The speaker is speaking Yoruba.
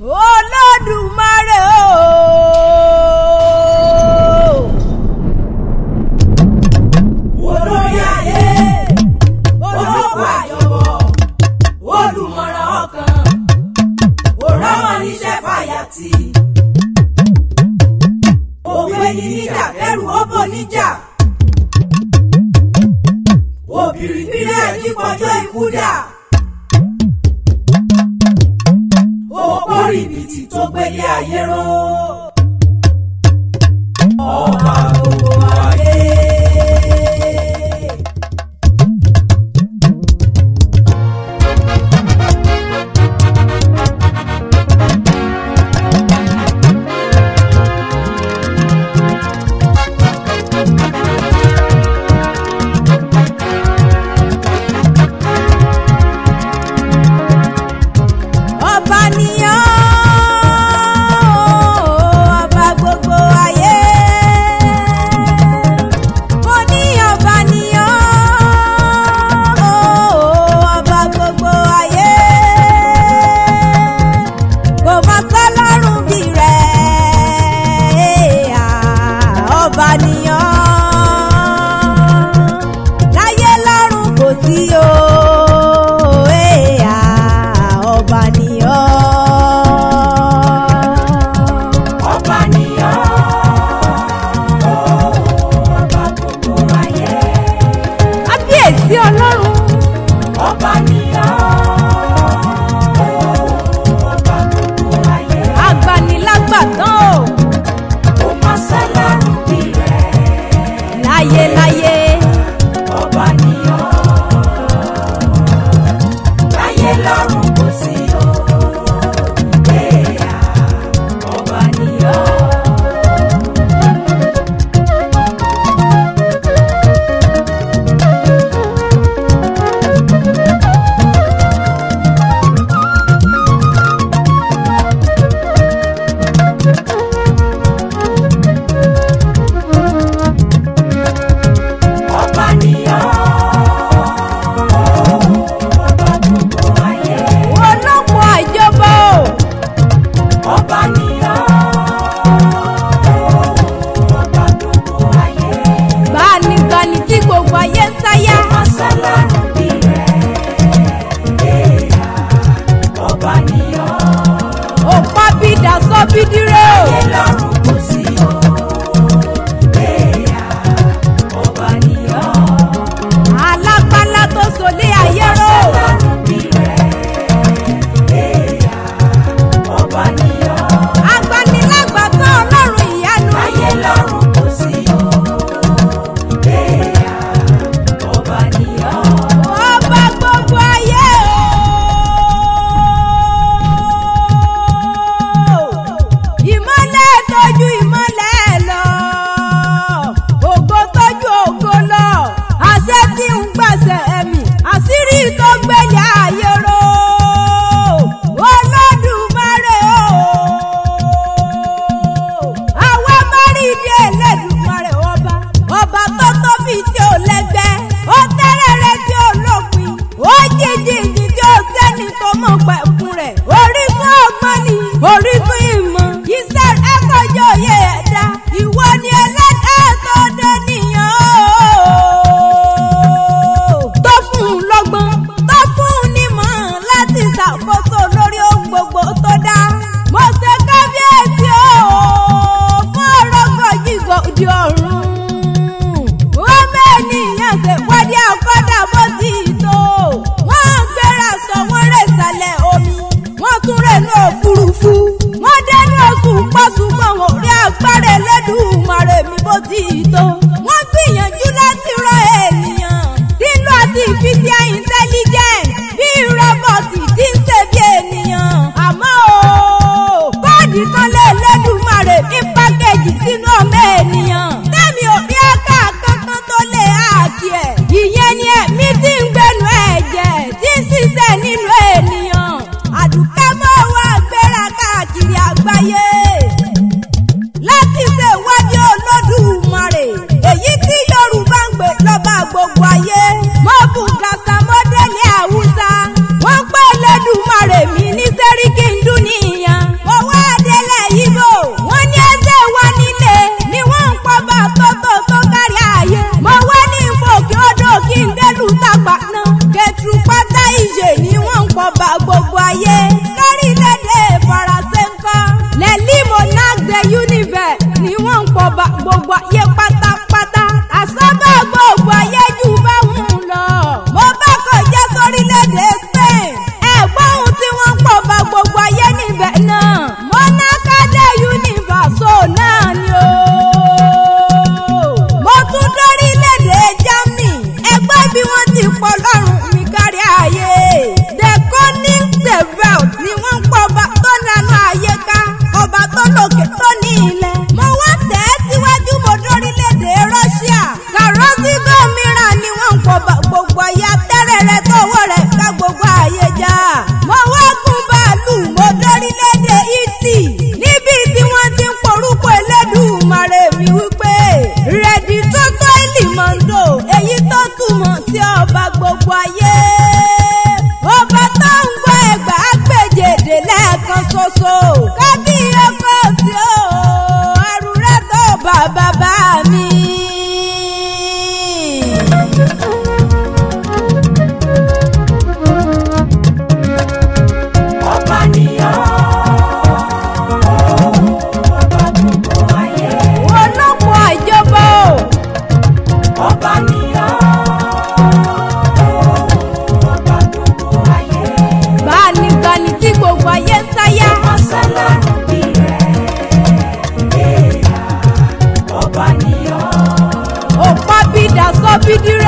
olódùmarè o. olórí ayé olókùn àjọbọ olùmọ̀ràn ọkàn òrámọ níṣẹ́ fàyàtì òwe ni níjà kẹrù ọbọ níjà òbìrìbìrì àjíkọjọ ikú dà. rìbìtì tó gbélé ayé ró. ọba ti tó. wọ́n gbìyànjú láti rọ ènìyàn tí ń lo artificial intelligence bí rọ́bọ̀tì tí ń ṣe bí ènìyàn. àmọ́ o kóòdì kan lè lẹ́dùnmarè ní pákéjì sínú ọmọ ènìyàn. tẹ́mi ò rí ẹ̀ka kankan tó lè háàkì ẹ̀. ìyẹn ni ẹ̀mí tí gbogbo ayé mo bùn kàṣà mọ́dẹ́lì àwùsá wọ́n pẹ́ lẹ́dùnmarè mi ní sẹ́ríkì ń dún nìyàn. owó adélẹ̀ yìí bò wọ́n ní ẹsẹ̀ wá nílé ni wọ́n ń pọ́ bá tọ́tọ̀. Happy Dira.